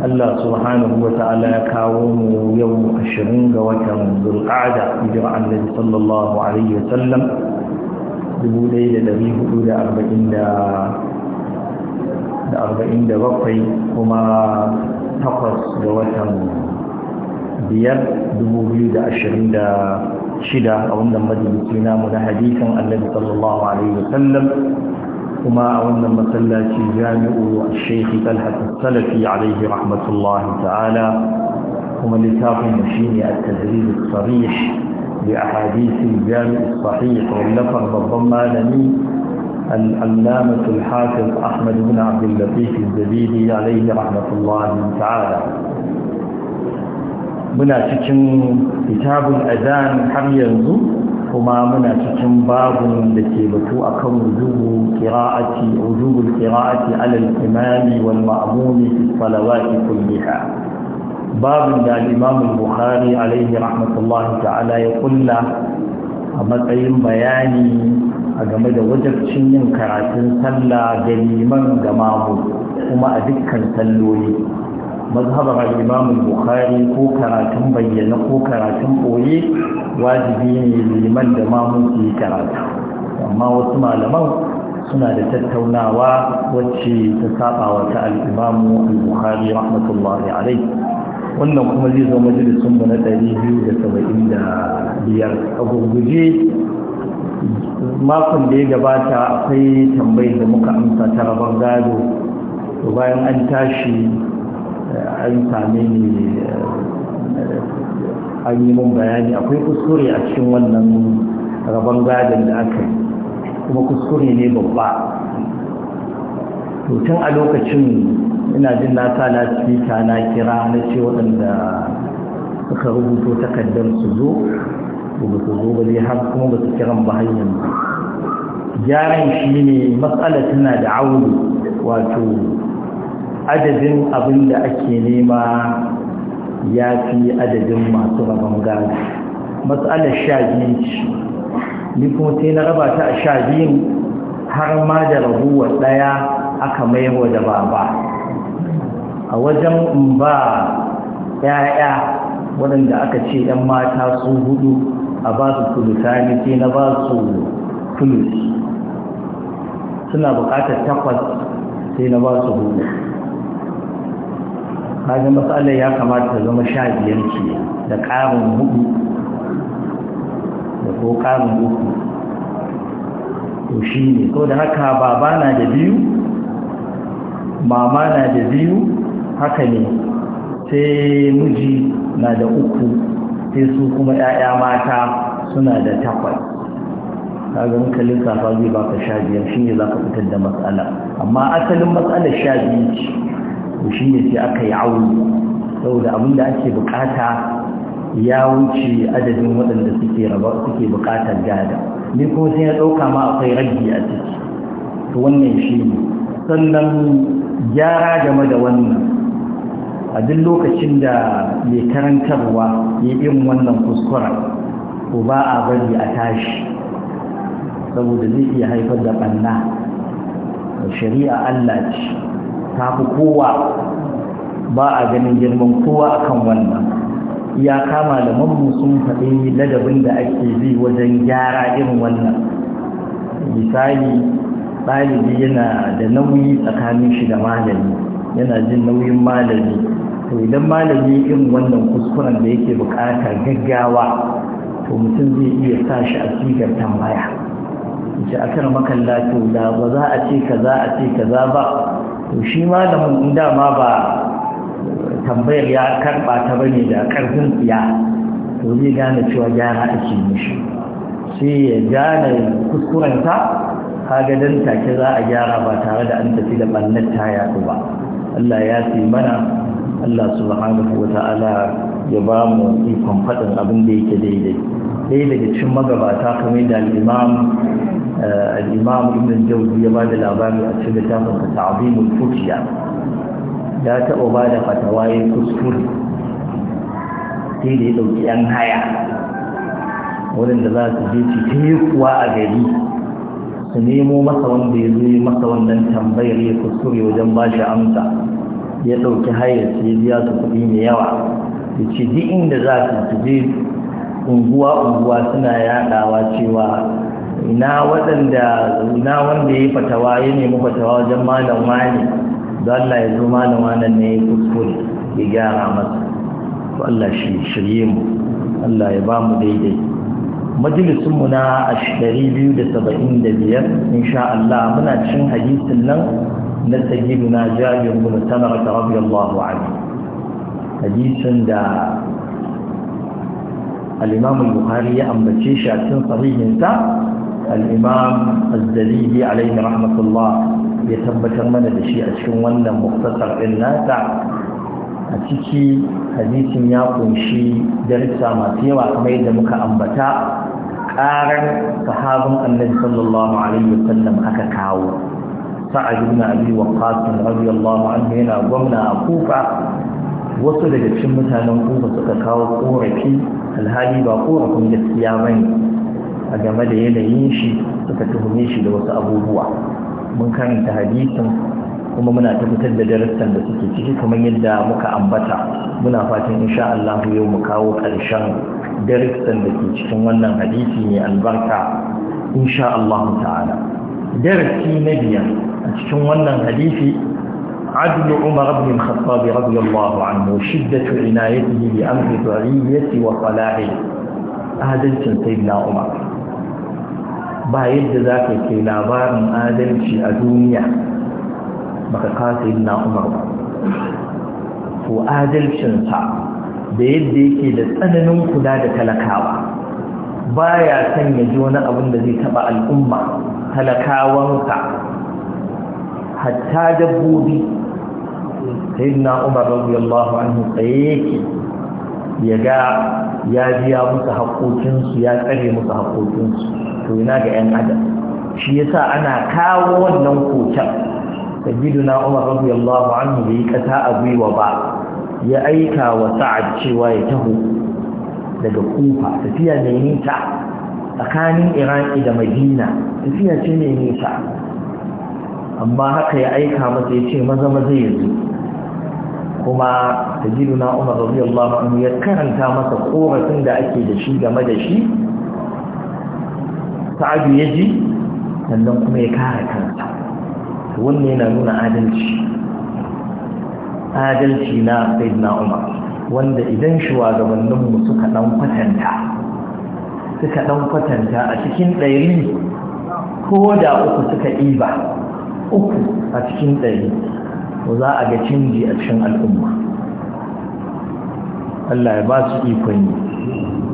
Allah subhanahu wa ta'ala ya kawo mu yau ashirin ga watan zulqa'ada hijira annabi sallallahu alaihi wa sallam 1447 kuma takwas ga watan biyar 2026 a wannan majalisi namu na hadisin annabi sallallahu alaihi wa sallam كما أولنا مثلا في جامع الشيخ تلحة السلفي عليه رحمة الله تعالى هم لتاقي مشين التدريب الصريح لأحاديث الجامع الصحيح واللفر بالضمى لني الألامة الحافظ أحمد بن عبد اللطيف الزبيدي عليه رحمة الله تعالى بنا تكن كتاب الأذان حبيا kuma muna cikin babun da ke batu a kan wujubu kira'ati wujubul kira'ati alal imami wal ma'amuni fi salawati kulliha babun da al-imam bukhari alaihi rahmatullah ta'ala ya kulla a matsayin bayani a game da wajabcin yin karatun sallah ga liman ga mamu kuma a dukkan salloli mazhabar al'imamun bukhari ko karatun bayyana ko karatun ɓoye wajibi ne liman da mamun su yi karatu amma wasu malaman suna da tattaunawa wacce ta saba wa ta al'imamu al-bukhari rahmatullahi alai wannan kuma zai zo majalisun mu na biyar a gurguje makon da ya gabata akwai tambayin da muka amsa ta rabar gado bayan an tashi an sami ne eh, an yi mun bayani akwai kuskure a cikin wannan rabon gadon da aka yi kuma kuskure ne babba to tun a lokacin ina jin na sa na cika na kira na ce waɗanda suka rubuto takardar su zo ba su zo ba zai har kuma ba su kiran ba hanyar gyaran shi ne matsala tana da auri wato adadin abin da ake nema ya fi adadin masu rabon gari matsalar sha biyu ci ni na raba ta a sha biyun har ma da raguwa daya aka maiwa da baba a wajen ba ya'ya waɗanda aka ce ‘yan mata su hudu a ba su tulusani sai na ba su suna buƙatar takwas sai na ba su hudu kaga matsalar ya kamata ta zama sha biyar ke da ƙarin hudu da ko ƙarin uku to shi ne ko da haka baba na da biyu mama na da biyu haka ne sai miji na da uku sai su kuma 'ya'ya mata suna da takwas kagan kalin safa zai baka sha biyar shi ne za ka fitar da matsala amma asalin matsalar sha biyu ce shi ne sai aka yi auni saboda abin da ake bukata ya wuce adadin waɗanda suke raba suke bukatar gada ni ko sai ya ɗauka ma akwai ragi a ciki to wannan shi ne sannan gyara game da wannan a duk lokacin da mai karantarwa ya irin wannan kuskura ko ba a bari a tashi saboda zai iya haifar da ɓanna shari'a Allah ce ta fi kowa ba a ganin girman kowa akan wannan ya kama da mamu sun faɗi ladabin da ake bi wajen gyara irin wannan misali ɗalibi yana da nauyi tsakanin shi da malami yana jin nauyin malami to idan malami irin wannan kuskuren da yake buƙatar gaggawa to mutum zai iya sa shi a sigar tambaya ce a makalla to da ba za a ce ka za a ce ka za ba to shi malamin dama ba tambayar ya karɓata ta bane da karfin tsiya to zai gane cewa gyara ake mishi sai ya gane kuskurenta ga dan take za a gyara ba tare da an tafi da ɓannar ta yaɗu ba Allah ya fi mana Allah subhanahu wa ta'ala ya ba mu ikon faɗin abin da yake daidai Daidai daga cikin magabata kamar da imam al-imam ibn ya bada labari a cikin littafin ta'zimul futiya ya taɓa bada da fatawa ya kuskure sai da ya ɗauki ‘yan haya waɗanda za su je cikin kuwa a gari su nemo masa wanda ya zo masa wannan tambayar ya kuskure wajen ba shi amsa ya ɗauki hayar sai biya su kuɗi mai yawa ya ce duk inda za su je unguwa-unguwa suna yaɗawa cewa ina waɗanda ina wanda ya yi fatawa ya nemi fatawa wajen malam wani don Allah ya zo malam wannan ne ya kuskure ya gyara masa to Allah shi shirye mu Allah ya ba mu daidai majalisun mu na 275 insha Allah muna cin hadisin nan na sayyiduna Jabir bin Samara radiyallahu anhu hadisin da al-Imam al-Bukhari ya ambace shi a cikin sahihinsa al'imam azzalili alaihi rahmatullah ya tabbatar mana da shi a cikin wannan muktasar ɗin nasa a ciki hadisin ya kunshi darussa masu yawa kamar yadda muka ambata ƙarar sahabin annabi sallallahu alaihi sallam aka kawo sa'ad ibn abi waqqas radiyallahu anhu yana gwamna a kufa wasu daga cikin mutanen kufa suka kawo korafi alhali ba korafin gaskiya bane a game da yanayin shi suka tuhume shi da wasu abubuwa mun karanta hadisin kuma muna tabbatar da darasan da suke ciki kamar yadda muka ambata muna fatan insha Allah yau mu kawo ƙarshen darasan da ke cikin wannan hadisi mai albarka insha Allah ta'ala darasi na biyar a cikin wannan hadisi عدل عمر بن الخطاب رضي الله عنه شدة عنايته بأمر ضريته وصلاحه هذا سيدنا عمر ba yadda za ka ke labarin adalci a duniya baka kasa yin na ba adalcinsa da yadda yake da tsananin kula da talakawa baya son ya ji wani abin da zai taba al'umma talakawansa hatta dabbobi sai na umar radiyallahu anhu tsaye yake ya ga ya biya musu haƙoƙinsu ya tsare musu haƙoƙinsu kauna ga 'yan adam shi yasa ana kawo wannan kocan sayyiduna umar radiyallahu anhu bai kasa a gwiwa ba ya aika wa sa'ad cewa ya taho daga kufa tafiya mai nisa tsakanin iran da madina tafiya ce mai nisa amma haka ya aika masa ya ce maza maza ya zo kuma sayyiduna umar radiyallahu anhu ya karanta masa korafin da ake da shi game da shi sa'adu ya ji sannan kuma ya kare kansa wannan yana nuna adalci adalci na sayyidina umar wanda idan shugabanninmu suka dan kwatanta suka dan kwatanta a cikin ɗari ko da uku suka ɗiba uku a cikin ɗari za a ga canji a cikin al'umma Allah ya ba su ikon yi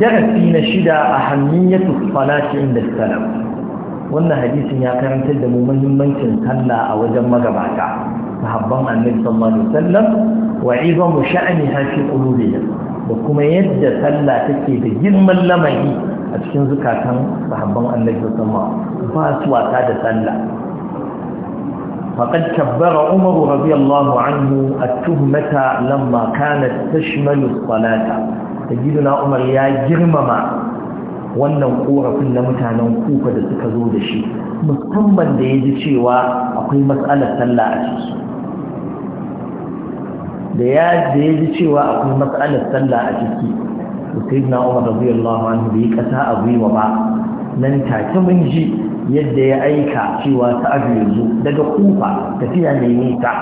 darasi na shida a hannun ya salati inda salam wannan hadisin ya karantar da mu muhimmancin sallah a wajen magabata sahabban annabi sallallahu alaihi wasallam wa izamu sha'niha fi qulubihim da kuma yadda sallah take da girman lamari a cikin zukatan sahabban annabi sallallahu alaihi wasallam ba su wata da sallah فقد كبر عمر رضي الله عنه التهمة لما كانت تشمل الصلاة sayyiduna umar ya girmama wannan korafin na mutanen kuka da suka zo da shi musamman da ya ji cewa akwai matsalar sallah a ciki, da ya ji cewa akwai matsalar sallah a ciki sayyiduna umar radiyallahu anhu bai kasa a gwiwa ba nan take mun ji yadda ya aika cewa ta ya zo daga kufa tafiya mai nisa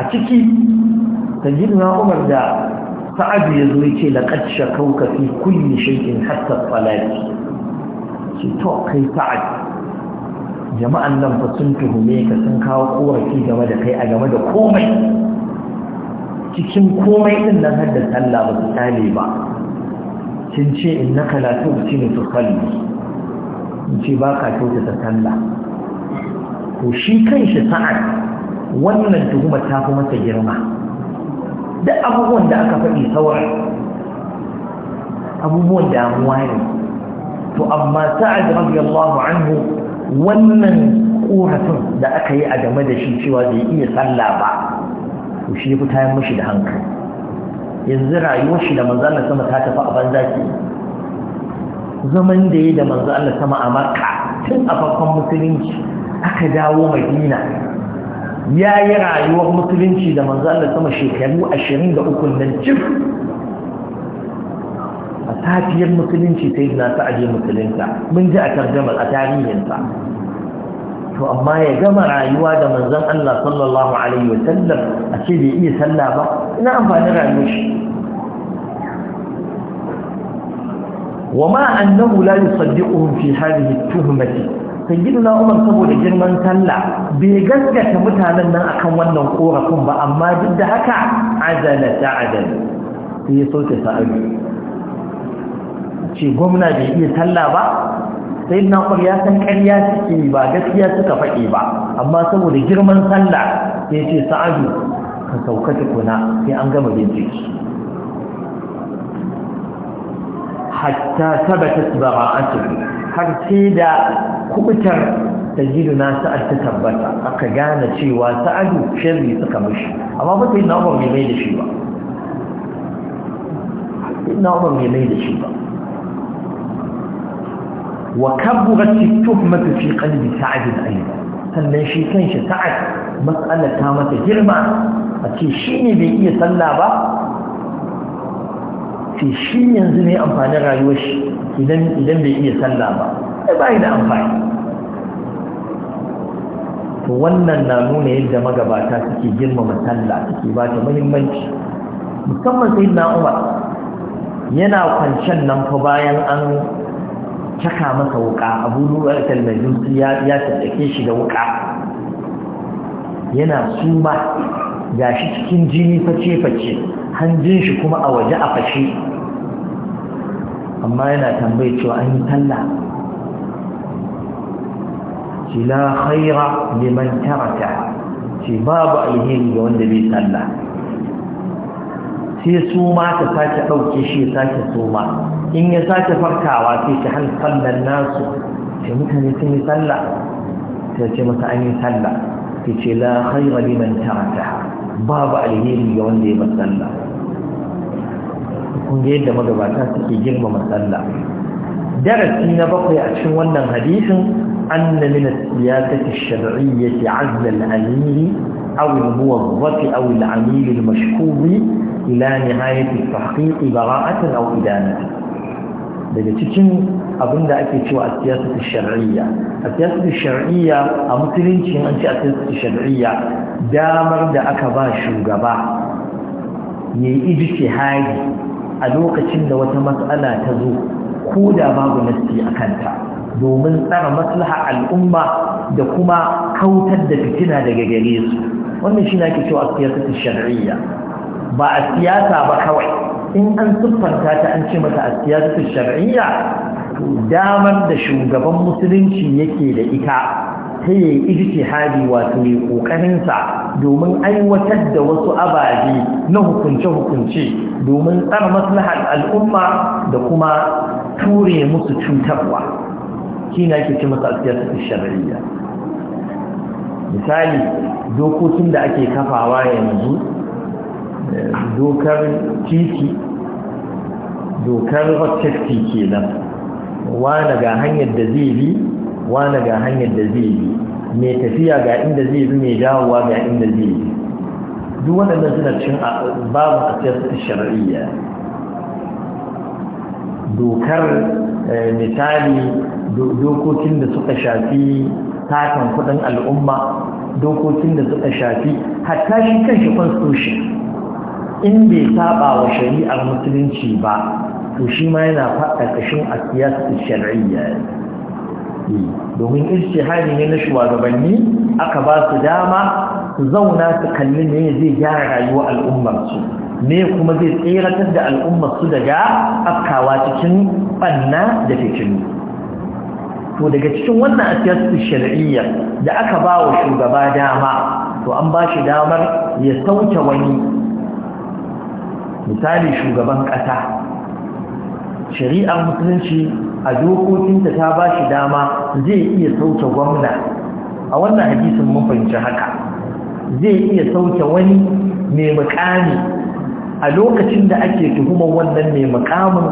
a ciki sayyiduna umar da sa'adu ya zo ya ce laqad shakauka fi kulli shay'in hatta salati ce to kai sa'ad jama'an nan fa sun tuhume ka sun kawo korafi game da kai a game da komai cikin komai din nan har da sallah ba su tsale ba sun ce in na innaka la tubtinu tusalli in ce ba ka kyautata talla. Ko shi kan shi sa'ad wannan tuhuma ta fi masa girma da abubuwan da aka faɗi sauran abubuwan damuwa ne to amma sa'ad radiyallahu anhu wannan ƙorafin da aka yi a game da shi cewa zai iya sallah ba to shi mashi da hankali yanzu rayuwar shi da manzo Allah sama ta tafi a banza ke zaman da ya da manzo Allah sama a Makka tun a farkon musulunci aka dawo Madina ya yi rayuwar mutulunci da manzo Allah sama shekaru 23 nan cif a safiyar musulunci sai na ta aje musulunta mun ji a tarjamar a tarihinsa to amma ya gama rayuwa da manzon Allah sallallahu alaihi wa a ce bai iya sallah ba ina amfani rayuwar shi وما أنه لا يصدقهم في هذه التهمة sayyidina umar saboda girman sallah bai gaskata mutanen nan akan wannan korafin ba amma duk da haka azala ta adal sai ya sauke sa'adu ce gwamna bai iya sallah ba sai umar ya san ƙarya suke ba gaskiya suka faɗi ba amma saboda girman sallah sai ce sa'adu ka sauka tukuna sai an gama bincike hatta tabbatar bara'atu har sai da kubutar sayyiduna sa'ad ta tabbata aka gane cewa sa'adu sharri suka mishi amma ba sai na umar bai mai da shi ba na umar bai mai da shi ba wa kaburat tuhmatu fi qalbi sa'ad aidan sannan shi kan kanshi sa'ad mas'alar ta mata girma a ce shi ne bai iya sallah ba ce shi yanzu ne amfanin rayuwar shi idan bai iya sallah ba ai ba da amfani to wannan na nuna yadda magabata suke girmama sallah suke ba ta muhimmanci musamman sai na umar yana kwancen nan fa bayan an caka masa wuka abu ruwar talmajin ya tattake shi da wuka yana suma gashi cikin jini face-face hanjin shi kuma a waje a fashe amma yana tambayi cewa an yi talla shi la khaira liman taraka shi babu alheri ga wanda bai talla sai su ma ta sake ɗauke shi ya sake su ma in ya sake farkawa sai ta hal sallar nasu sai mutane sun yi talla sai ce masa an yi talla ta ce la khaira liman taraka babu alheri ga wanda ya bar sallah kun ga yadda magabata suke girmama sallah darasi na bakwai a cikin wannan hadisin anna min as-siyasati ash-shar'iyyati 'azla al-amir aw al-muwazzaf aw al-amil al-mashkur ila nihayati tahqiq bara'atan aw idanatan daga cikin abinda ake cewa as-siyasatu ash-shar'iyya as-siyasatu ash-shar'iyya a musulunci an ce as-siyasatu ash-shar'iyya damar da aka ba shugaba yayi ijtihadi a lokacin da wata matsala ta zo ko da babu nasti a kanta domin tsara maslaha al'umma da kuma kautar da fitina daga gare su wannan shi nake cewa siyasar shar'iyya ba a siyasa ba kawai in an siffanta ta an ce mata a siyasar shar'iyya damar da shugaban musulunci yake da ita ta yi ijtihadi wato ya kokarinsa domin aiwatar da wasu ababe na hukunce-hukunce domin tsara maslahar al'umma da kuma ture musu cutarwa shi na ke ce masu su shari'a misali dokokin da ake kafawa yanzu eh, dokar titi dokar rochester kenan wane ga hanyar da zai bi wane ga hanyar da zai bi mai tafiya ga inda zai bi mai dawowa ga inda zai bi duk waɗannan suna cin babu a siyasar shari'iyya dokar eh, misali dokokin da suka shafi takan kudin al'umma dokokin da suka shafi hatta shi kan shi constitution in bai saba wa shari'ar musulunci ba to shi ma yana faɗa ƙashin a siyasar shari'iyya eh, domin ijtihadi ne na shugabanni aka ba su dama su zauna su kalli ne zai gyara rayuwar al'ummarsu ne kuma zai tseratar da al'ummarsu daga afkawa cikin banna da fitini to daga cikin wannan asiyarsu shari'iyya da aka ba wa shugaba dama to an ba shi damar ya sauke wani misali shugaban ƙasa shari'ar musulunci a dokokinta ta ba shi dama zai iya sauke gwamna a wannan hadisin mun fahimci haka zai iya sauke wani mai mukami a lokacin da ake tuhumar wannan mai mukamin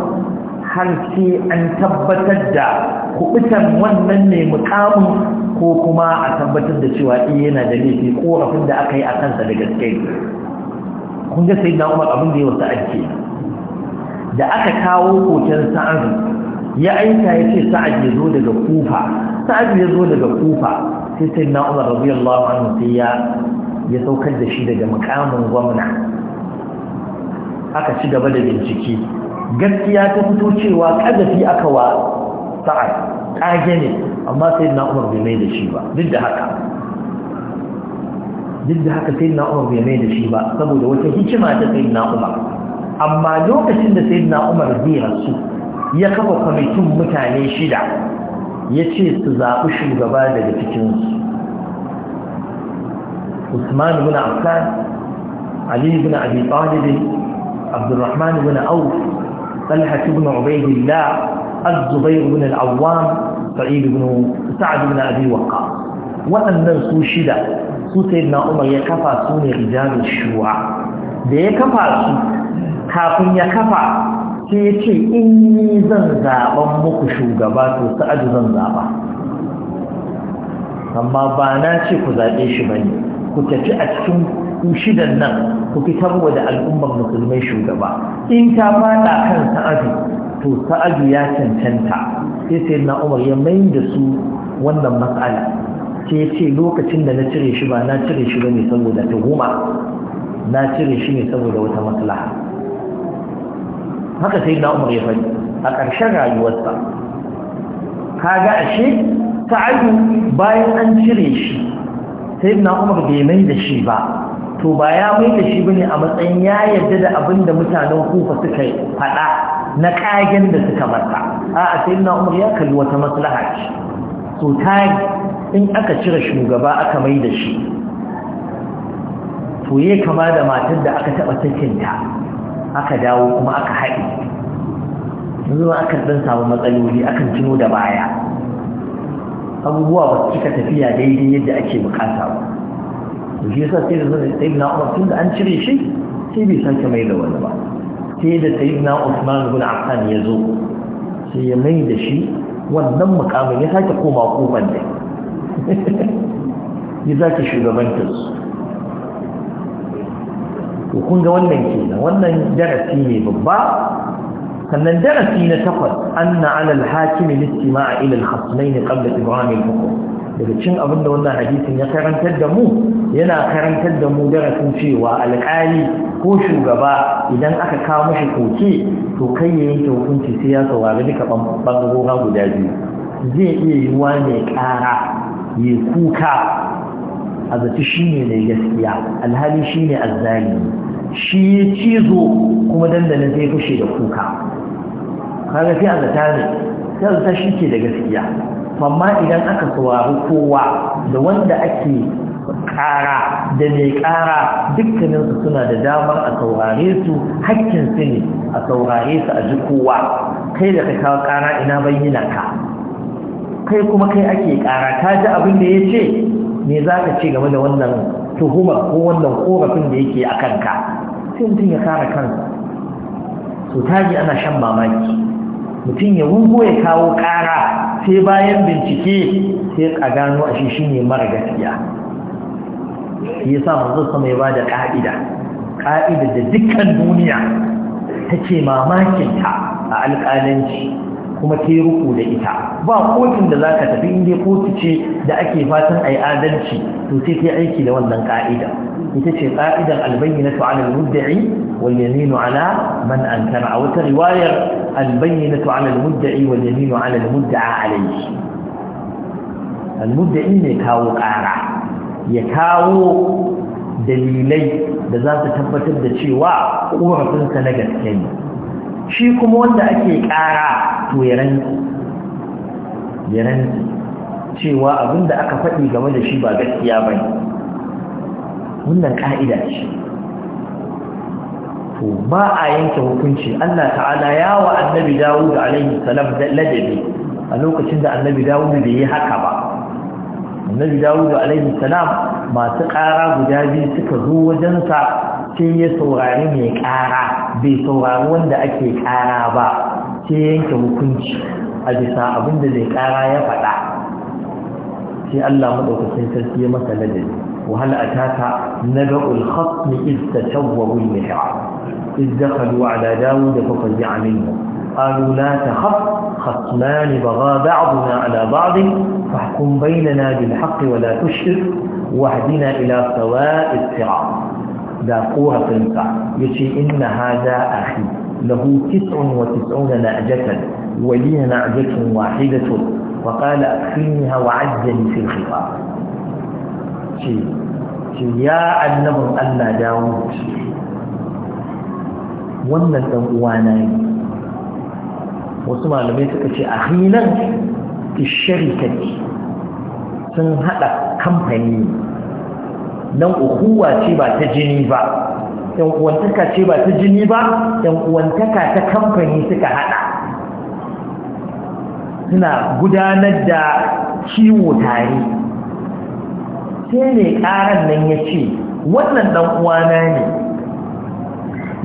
har sai an tabbatar da kubutan wannan mai mukamin ko kuma a tabbatar da cewa iya eh, yana da laifi korafin da aka yi a kansa da gaske kun ga sai na umar abin da ya wasu ake da aka kawo hoton sa'ad ya aika ya ce sa'ad ya zo daga kufa sa'ad ya zo daga kufa sai sai na umar radiyallahu anhu sai ya ya saukar da shi daga mukamin gwamna aka ci gaba da bincike gaskiya ta fito cewa kazafi aka wa sa'ad ƙage ne amma sai na umar bai mai da shi ba duk da haka duk da haka sai na umar bai mai da shi ba saboda wata hikima ta sai na umar amma lokacin da sai umar zai rasu ya kafa kwamitin mutane shida ya ce su zaɓi shugaba daga cikinsu usman ibn affan ali ibn abi talib عبد الرحمن بن عوف طلحة بن عبيد الله الزبير بن العوام سعيد بن سعد بن أبي وقاص waɗannan su shida su sai na umar ya kafa su ne rijalun shuwa da ya kafa su kafin ya kafa Ke ce in yi zan zaɓen muku shugaba to sa'adu zan zaɓa amma ba na ce ku zaɓe shi ba ne ku tafi a cikin ku shidan nan ku fitar wa da al'ummar musulmai shugaba in ta fada kan sa'adu to sa'adu ya cancanta sai sai na umar ya mai da su wannan matsala ke ya ce lokacin da na cire shi ba na cire shi bane saboda tuhuma na cire shi ne saboda wata maslaha haka sai na umar ya faɗi a ƙarshen rayuwarsa kaga ashe sa'adu bayan an cire shi sai na umar bai mai da shi ba to ba ya mai da shi ba ne a matsayin ya yarda da abin da mutanen kufa suka faɗa na kagen da suka mata a sai na umar ya kalli wata maslaha ce so in aka cire shugaba aka mai da shi to ya kama da matar da aka taɓa sakinta aka dawo kuma aka haɗe yanzu aka ɗan samu matsaloli akan cino da baya abubuwa ba su kika tafiya daidai yadda ake bukata ba shi yasa sai da sai na tun da an cire shi sai bai sake mai da wani ba sai da sai na usman bin affan ya zo sai ya mai da shi wannan mukamin ya sake koma kofar da ya sake shugabantar su kun ga wannan kenan wannan darasi ne babba sannan darasi na takwas anna ala al-hakim a istimaa ila al-khasmayn qabla ibrahim al daga cin abin da wannan hadisin ya karantar da mu yana karantar da mu darasin cewa alƙali ko shugaba idan aka kawo mashi koke to kai ya yanke hukunci sai ya saurari duka bangarora guda biyu zai iya wa mai ƙara mai kuka a zaci shi ne mai gaskiya alhali shi ne azzali shi ya cizo kuma dandana zai fashe da kuka kaga sai a ne sai shi ke da gaskiya amma idan aka saurari kowa da wanda ake kara da mai ƙara dukkaninsu suna da damar a saurare su hakkin su ne a saurare su a ji kowa kai da ka kawo ina bayyana ka kai kuma kai ake kara ka ji abin da ya ce me za ka ce game da wannan tuhumar ko wannan korafin da yake a kanka sai mutum ya kara kansa so taji ana shan mamaki mutum ya wugo ya kawo ƙara sai bayan bincike sai a gano a shi ne mara gaskiya shi sa mazu sama ya da ƙa'ida ƙa'ida da dukkan duniya ke mamakin ta a alƙalanci kuma ta yi ruku da ita ba kotun da za ka tafi inda kotu ce da ake fatan a yi adalci to sai ta yi aiki da wannan ƙa'ida ita ce ƙa'idan albayyinatu ala al-mudda'i wal yaminu ala man a wata riwayar albayyinatu na al-mudda'i wal yaminu ala muddaa alayhi al-mudda'i ne kawo ƙara ya kawo dalilai da za su tabbatar da cewa ƙorafinsa na gaske ne shi kuma wanda ake ƙara to ya rantsi cewa abinda aka faɗi game da shi ba gaskiya ba ne wannan ka'ida ce to ba a yanke hukunci Allah ta'ala ya wa annabi Dawud alaihi salam ladabi a lokacin da annabi Dawud bai yi haka ba annabi Dawud alaihi salam masu ƙara guda biyu suka zo wajensa sai ya saurari mai ƙara bai saurari wanda ake ƙara ba sai yanke hukunci a bisa abin da ƙara ya faɗa sai Allah maɗaukacin sarki ya masa ladabi وهل أتاك نبأ الخصم إذ تسووا المحراب إذ دخلوا على داود ففزع منهم قالوا لا تخف خصمان بغى بعضنا على بعض فاحكم بيننا بالحق ولا تشرك واهدنا إلى سواء الصراط ذا قوة تنفع يشي إن هذا أخي له تسع وتسعون نعجة ولي نعجة واحدة وقال أكفنها وعجني في الخطاب ce ce ya annabin Allah dawo wannan dan uwana ne wasu malamai suka ce a hinan sun haɗa kamfani nan uhuwa ce ba ta jini ba yan uwantaka ce ba ta jini ba yan uwantaka ta kamfani suka haɗa, suna gudanar da kiwo tare sai ne ƙaran nan ya ce wannan ɗan uwana ne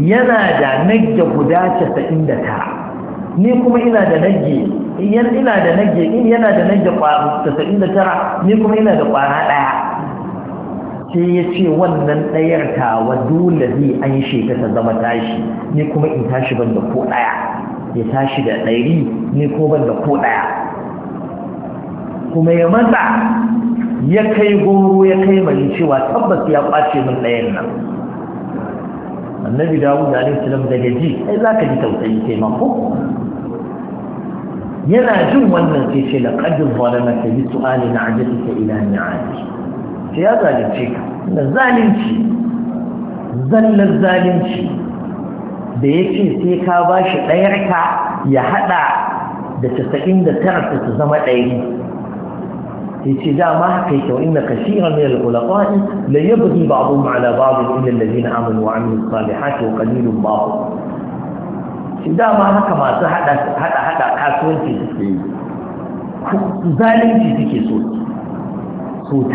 yana da nagge guda casa'in da tara ni kuma ina da nagge ina da nagge in yana da nagge casa'in da tara ni kuma ina da ƙwara ɗaya sai ya ce wannan ɗayar tawa dole zai an sheka ta zama tashi ni kuma in tashi ban da ko ɗaya ya tashi da ɗari ni ko ban da ko ɗaya kuma ya matsa ya kai goro ya kai mai cewa tabbas ya kwace min ɗayan nan annabi dawud alaihi salam daga ji ai za ka ji tausayi kai ma ko yana jin wannan sai ce laqad zalamaka bi su'ali na'jatika ila ni'ati sai ya zalunce ka na zalunci zallar zalunci da yake sai ka bashi ɗayarka ya haɗa da casa'in da 99 ta zama ɗaya yace dama haka yake wa inna kaseeran min al-ulama'i la yabghi ba'dhum 'ala ba'd illa alladhina amanu wa 'amilus salihati wa qalilun ba'd shi dama haka masu hada hada hada kasuwanci suke zalunci suke so so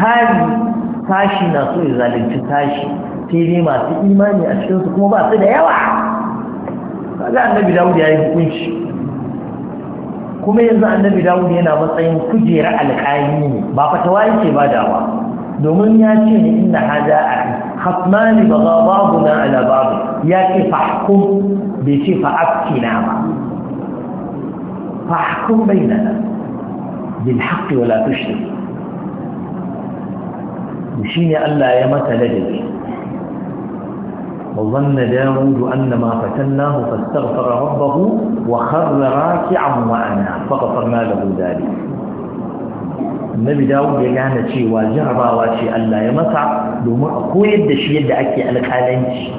sashi na so ya zalunci sashi sai dai masu imani a cikin kuma ba su da yawa kaga annabi Dawud yayi hukunci kuma yanzu annabi dawud yana matsayin kujera alƙayi ne ba fatawa yake ba dawa domin ya ce ni inna hada a hasmani ba babu na ala babu ya ce fahkum bai ce na ba fahkum bai na nan bil haƙƙi wala tushrik shi ne Allah ya mata ladabi وظن داود أن ما فتناه فاستغفر ربه وخر راكعا وأنا فغفرنا له ذلك النبي داود ya gane cewa jarabawa ce Allah ya masa domin a koyar da shi yadda ake alƙalanci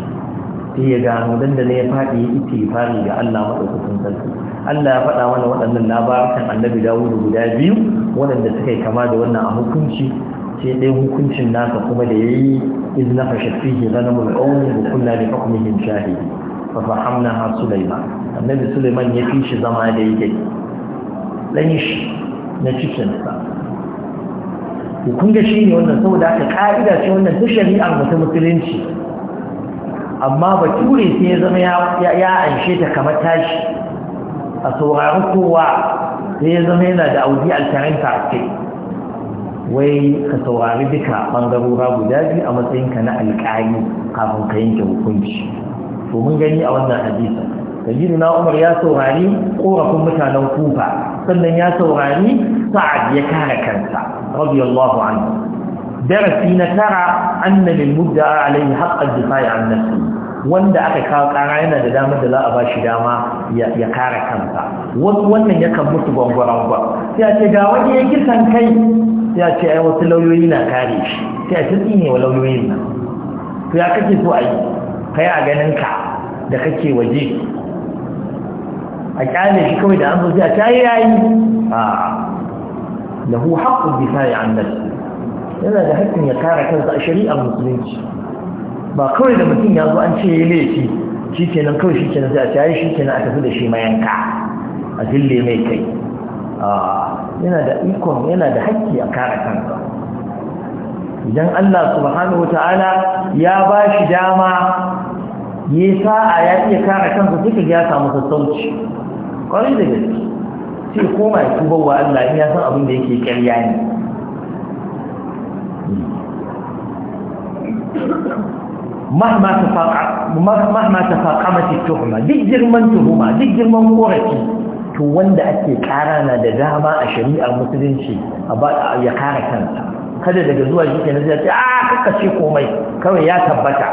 sai ya gano dan da ya faɗi ya ita ya fari ga Allah maɗaukakin sarki Allah ya faɗa mana waɗannan labarukan annabi Dawudu guda biyu waɗanda suka kama da wannan a hukunci sai dai hukuncin nasa kuma da ya yi in na fashe da zanamul qawmi wa kullu da hukmihim shahid fa fahamnaha sulaiman annabi sulaiman ya fi shi zama daidai dan shi na cikin sa to kun ga shine wannan saboda haka ka'ida ce wannan ta shari'ar mu ta musulunci amma ba ture sai ya zama ya anshe ta kamar tashi a sauraron kowa sai ya zama yana da audi altaranta a kai wai ka saurari duka ɓangarora guda biyu a matsayinka na alƙali kafin ka yanke hukunci to gani a wannan hadisa sajidu na umar ya saurari ƙorafin mutanen kufa sannan ya saurari sa'ad ya kare kansa radiyallahu anhu darasi na tara anna lil mudda'a alayhi haqq jisa difai an nafsi wanda aka kawo kara yana da damar da za a ba shi dama ya kare kansa wannan yakan mutu gwangwaran gwa sai a ce ga wani ya kisan kai sai a ce ai wasu lauyoyi na kare shi sai a tsitsi ne wa lauyoyin nan to ya kake so a yi kai a ganin ka da kake waje a kyale shi kawai da an zo sai a ce ai yi a lahu haqqun bi sa'i an nasu. yana da haƙƙin ya kare kansa a shari'ar musulunci ba kawai da mutum ya zo an ce ya laifi shi kenan kawai shi kenan sai a ce ai shi kenan a tafi da shi mayanka a zille mai kai Ah, yana da ikon yana da haƙƙi a kare kansa idan Allah subhanahu ta'ala ya ba shi dama ya sa'a ya iya kare kansa suka ya samu sassauci ƙwarai da gaske sai koma ya tuba wa Allah in ya san abin da yake ƙarya ne mahma ta faƙa mahma ta faƙa mace tuhuma duk girman tuhuma duk girman ƙorafi to wanda ake kara na da dama a shari'ar musulunci ya kare kansa kada daga zuwa shi kenan zai ce a ah, kakkace komai kawai ya tabbata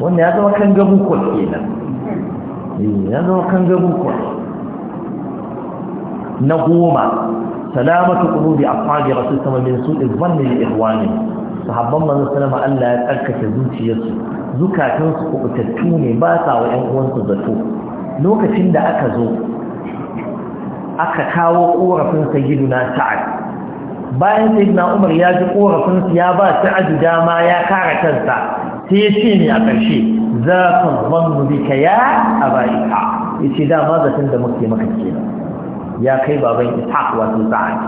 wanda ya zama kan gabu ko kenan eh, ya zama kan gabu na goma salamatu qulubi ashabi rasul sama min su'i dhanni li ihwani sahabban manzo sallama Allah ya tsarkake zuciyarsu zukatansu kubutattu ne ba sa wa ƴan uwansu zato lokacin da aka zo aka kawo korafin sayyiduna sa'ad bayan sayyiduna umar ya ji korafin ya ba aji dama ya kara kansa sai ya ce ne a ƙarshe za ka zannu bika ya abaika yace dama zaton da muke maka kenan ya kai baban ishaq wato sa'ad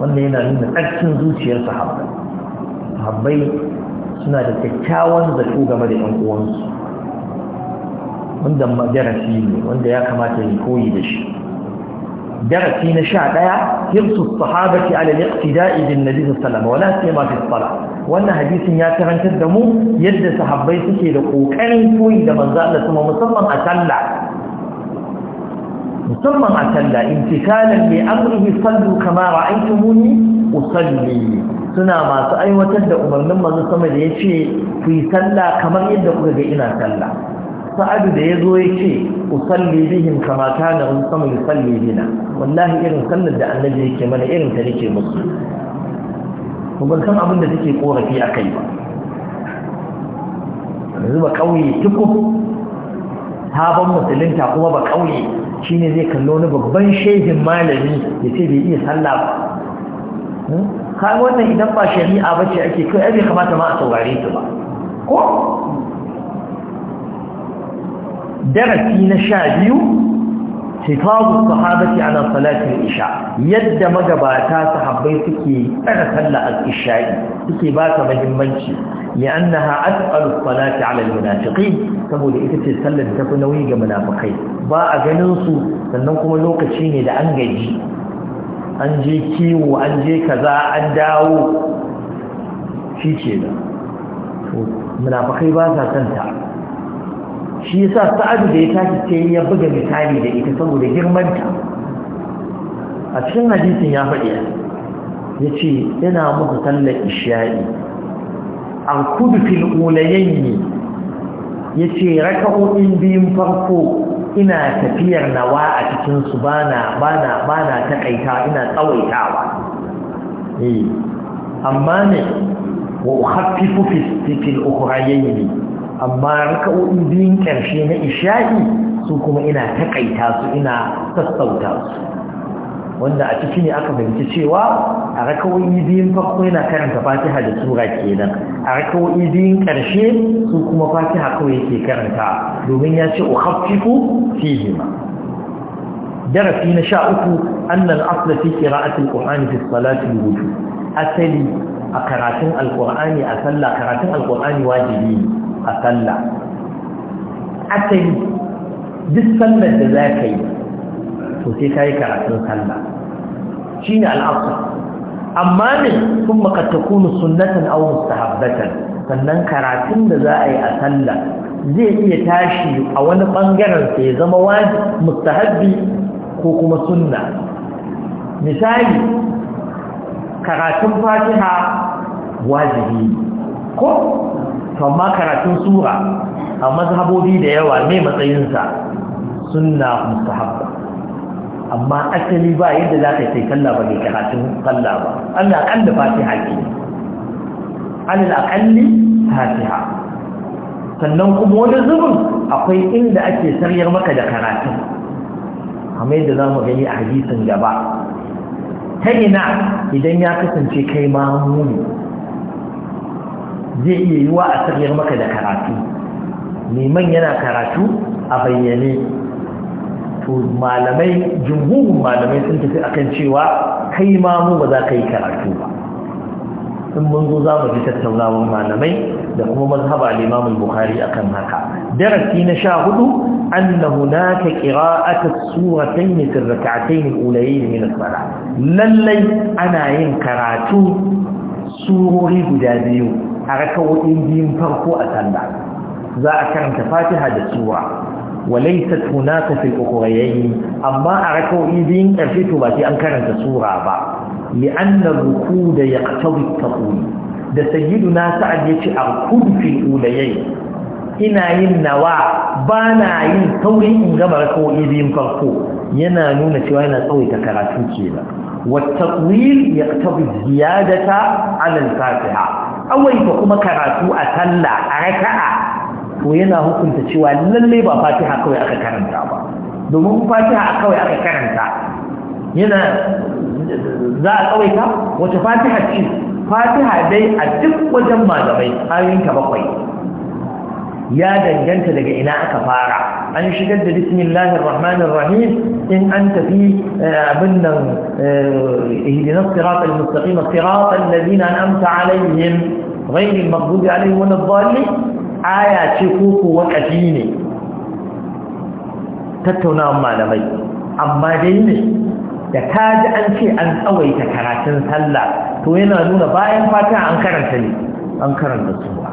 wannan yana nuna tsarkin zuciyar sahabbai sahabbai suna da kyakkyawan zato game da yan uwansu wanda madarasi ne wanda ya kamata ya koyi da shi darasi na sha ɗaya hirsu sahabati ala liqtida'i bin nabi sallallahu wala siyama fi salat wannan hadisin ya karantar da mu yadda sahabbai suke da kokarin koyi da manzo Allah kuma musamman a sallah musamman a sallah intikalan li amrihi sallu kama ra'aytumuni usalli suna masu aiwatar da umarnin manzo sama da yace ku yi sallah kamar yadda kuka ga ina sallah sa'adu da ya zo ya ce usalli karata kama kana usamu yusalli bina wallahi irin sannan da annabi yake mana irin ta nake musu to ban san abin da take korafi a kai ba yanzu ba kauye tuku sabon musulunta kuma ba kauye shine zai kallo ni babban shehin malami ya ce bai iya sallah ba hmm? ka wannan idan ba shari'a ba ce ake kai bai kamata ma a saurare su ba ko darasi na sha biyu hifazu sahabati ala salatin isha yadda magabata sahabbai suke tsara sallah al-isha'i suke ba ta muhimmanci li'annaha atqalu salati ala al-munafiqin saboda ita ce sallar da tafi nauyi ga munafikai ba a ganin su sannan kuma lokaci ne da an gaji an je kiwo an je kaza an dawo shi ce da munafikai ba sa santa shi yasa sa'adu da ya tashi sai ya buga misali da ita saboda girmanta a cikin hadisin ya faɗi ya ce yana muku sallar isha'i an kudu fil'ulayen ne ya ce raka'o'in biyun farko ina tafiyar nawa a cikinsu ba na taƙaita ina tsawaitawa eh, amma ne wa haffifu fil ukurayen ne amma raka'o'i biyun ƙarshe na isha'i su kuma ina taƙaita su ina sassauta su wanda a ciki ne aka fahimci cewa a raka'o'i biyun farko yana karanta fatiha da sura kenan a raka'o'i biyun ƙarshe su kuma fatiha kawai yake karanta domin ya ce ukhaffifu fihima darasi na sha uku annal asla fi qira'ati al-qur'ani fi salati al asali a karatun alkur'ani a sallah karatun alkur'ani wajibi a sallah asali duk sallar da za ka yi to sai ka yi karatun sallah shi ne al'afsa amma ne sun makatakunu sunnatan au mustahabbatan sannan karatun da za a yi a sallah zai iya tashi a wani ɓangaren sai ya zama mustahabbi ko kuma sunna misali karatun fatiha wajibi ko amma karatun sura a mazhabobi da yawa ne matsayinsa sunna mustahabba amma asali ba yadda za ka sai kalla ba ne karatun kalla ba an aƙalla fatiha ke an aƙalli fatiha sannan kuma wani zubin akwai inda ake saryar maka da karatun kamar yadda za mu gani a hadisin gaba ta ina idan ya kasance kai ma muni zai iya yiwa a sayar maka da karatu neman yana karatu a bayyane to malamai jumhurin malamai sun tafi akan cewa kai ma mu ba za ka yi karatu ba in mun zo za mu ji tattaunawar malamai da kuma mazhaba limamin bukhari akan haka darasi na sha hudu anna hunaka qira'atu suratayn fi rak'atayn al-ulayayn min as-salah lallai ana yin karatu surori guda biyu a rakawoyin biyun farko a sallah za a karanta Fatiha da sura walaysat hunaka fi al-ukhrayayn amma a rakawoyin biyun karfi to ba an karanta sura ba لأن الركود يقتضي التطويل ده سيدنا سعد يتي أركود في الأوليين ina yin nawa ba na yin taurin in gama rakawai biyun farko yana nuna cewa yana tsawaita karatu ke ba wata wil ya tabi ziyadata a nan ba kuma karatu a talla a raka'a to yana hukunta cewa lallai ba fatiha kawai aka karanta ba domin fatiha kawai aka karanta yana za a tsawaita wata fatiha ce fatiha dai a duk wajen magabai ayoyinka bakwai ya danganta daga ina aka fara an shigar da bismillahir rahmanir rahim in an tafi eh, abin nan eh, ihdinas siratal mustaqim siratal ladina an'amta alaihim ghayril maghdubi alaihim waladdallin aya ce ko ko wakati ne tattaunawa malamai amma dai ne da ta ji an ce an tsawaita karatun sallah to yana nuna bayan fata an karanta ne an karanta su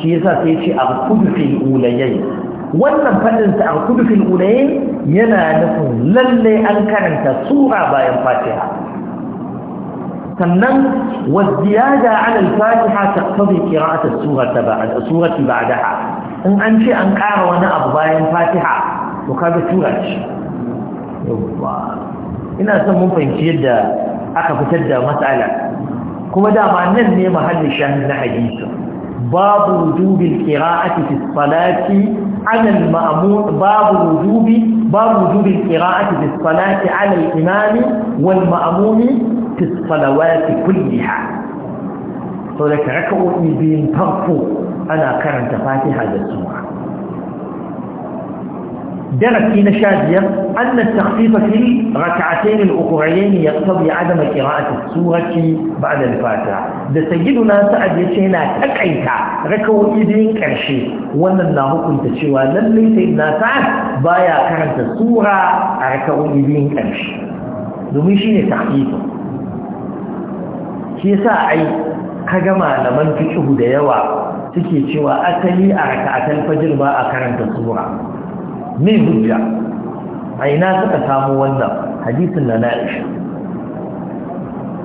shi yasa sai ce a kudu fil ulayayi wannan fadin sa a kudu fil ulayayi yana nufin lalle an karanta sura bayan fatiha sannan waziyada ala al-fatiha taqtadi qira'at as-surati ba'da surati ba'daha in an ce an ƙara wani abu bayan fatiha to kaga sura ce ina son mun fahimci yadda aka fitar da matsala kuma dama nan ne mahallin shahid na hadisi babu rujubi kira'ati fi salati ala al-ma'mum babu rujubi babu rujubi wal ma'mum fi salawati kulliha to da karaka'u ibin tafu ana karanta fatiha da sunna درس إن شاذية أن التخفيف في الركعتين الأخريين يقتضي عدم قراءة السورة بعد الفاتحة ده سيدنا سعد يشينا تكعيتا ركو إذن كرشي وأننا كنت شوى للي سيدنا سعد بايا كانت السورة ركو إذن كرشي نمشي تخفيف كيسا أي كجمع لمن فيه da yawa suke cewa asali a raka'atul fajr ba a karanta sura me hujja a ina suka samu wannan hadisin na na'isha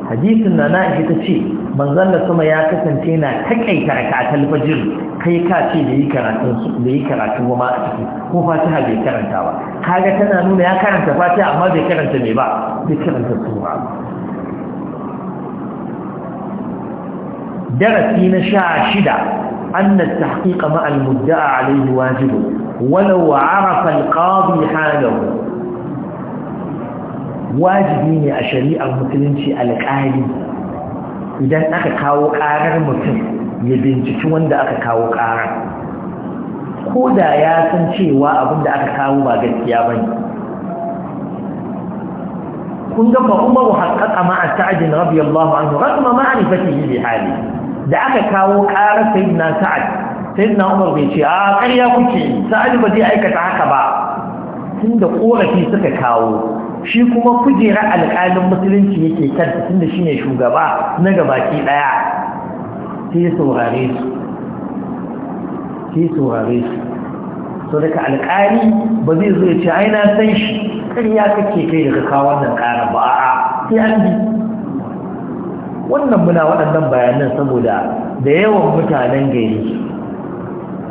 hadisin na ta ce manzan da sama ya kasance na takaita rakatan fajir kai ka ce da yi karatun su da yi a ciki ko fatiha bai karanta ba kaga tana nuna ya karanta fatiha amma bai karanta me ba bai karanta sura darasi na sha shida أن التحقيق مع المدعى عليه واجب walau arafa alqadi halahu wajibi ne a shari'ar musulunci alƙali idan aka kawo ƙarar mutum ya binciki wanda aka kawo ƙarar ko da ya san cewa abin da aka kawo ba gaskiya ba ne kun ga kuma umaru haƙaƙa ma a sa'adin rabiyallahu anhu rakuma ma'arifatihi bi hali da aka kawo ƙarar sayyidina sa'ad sai na umar bai ce a karya kuke sa'adu ba zai aikata haka ba tun da ƙorafi suka kawo shi kuma kujerar alƙalin musulunci yake kanta tun da shi ne shugaba na gabaki ɗaya sai ya saurare su sai saurare su so daga alƙali ba zai zo ya ce ai na san shi Karya kake kai daga kawo wannan ƙara ba a sai an bi wannan muna waɗannan bayanan saboda da yawan mutanen gari